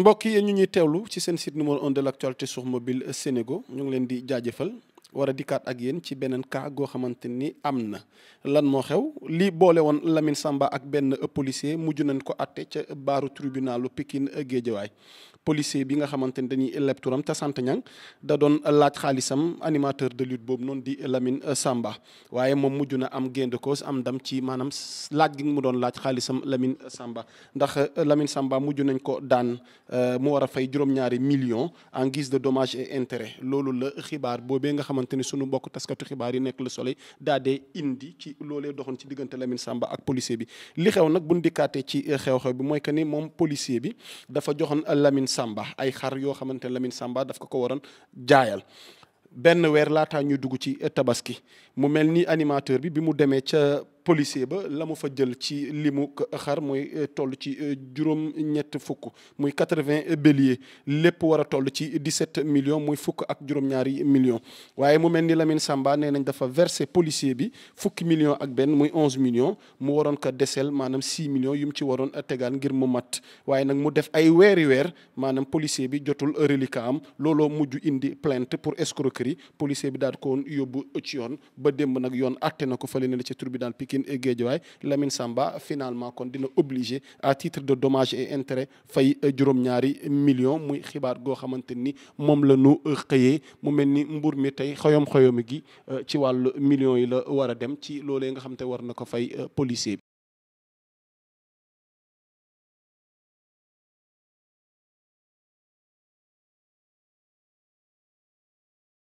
mbokk yi ñu ñuy teewlu ci seen site numéro un de l' actualité sur mobile Sénégo ñu ngi leen di jaajëfal war a dikkaat ak yéen ci beneen cas goo xamante ni am na lan moo xew li boole woon Lamine Samba ak benn policier mujj nañ ko atte ca baaru tribunalu Pikine Géejawaay policier bi nga xamante ni dañuy lepturam te sant ñang da doon laaj xaalisam animateur de lutte boobu noonu di lamin Samba waaye moom mujj na am gain de cause am ndam ci maanaam laaj gi mu doon laaj xaalisam lamin Samba ndax Lamine Samba mujj nañ ko daan euh, mu war a fay juróom-ñaari millions en guise de xamante ni sunu mbokk taskatu xibaar yi nekk Le Soleil daa indi ci loolee doxoon ci diggante Lamine Samba ak policier bi li xew nag buñ dikkaatee ci eh, xew-xew bi mooy que ni moom policier bi dafa joxoon Lamine Samba ay xar yoo xamante ne Lamine Samba daf ka ko waroon jaayal benn weer laataa ñu dugg ci eh, tabaski mu mel ni animateur bi bi mu demee ca policier ba la mu fa jël ci limu xar muy euh, toll ci euh, juróom-ñett fukk muy quatre-vingt bélier lépp war a toll ci dix-sept million muy fukk ak juróom-ñaari million waaye mu mel ni Lamine Samba nee nañ dafa versé policier bi fukki million ak benn muy onze million mu waroon ko desel maanaam six million yu mu ci waroon tegaan ngir mu mat waaye nag mu def ay weeri weer maanaam policier bi jotul reliquat am looloo mujj indi plainte pour escroquerie policier bi daal koon woon yóbbu ci yoon ba démb nag yoon atte Pikine et Guédiawaye Lamine Samba finalement kon dina obligé à titre de dommage et intérêt fay juróom-ñaari million muy xibaar goo xamante ni moom la ñu xëyee mu mel ni mbur mi tey xayom xayomi gi euh, ci wàll millions yi la war a dem ci loolee nga xam te war na ko fay euh, policier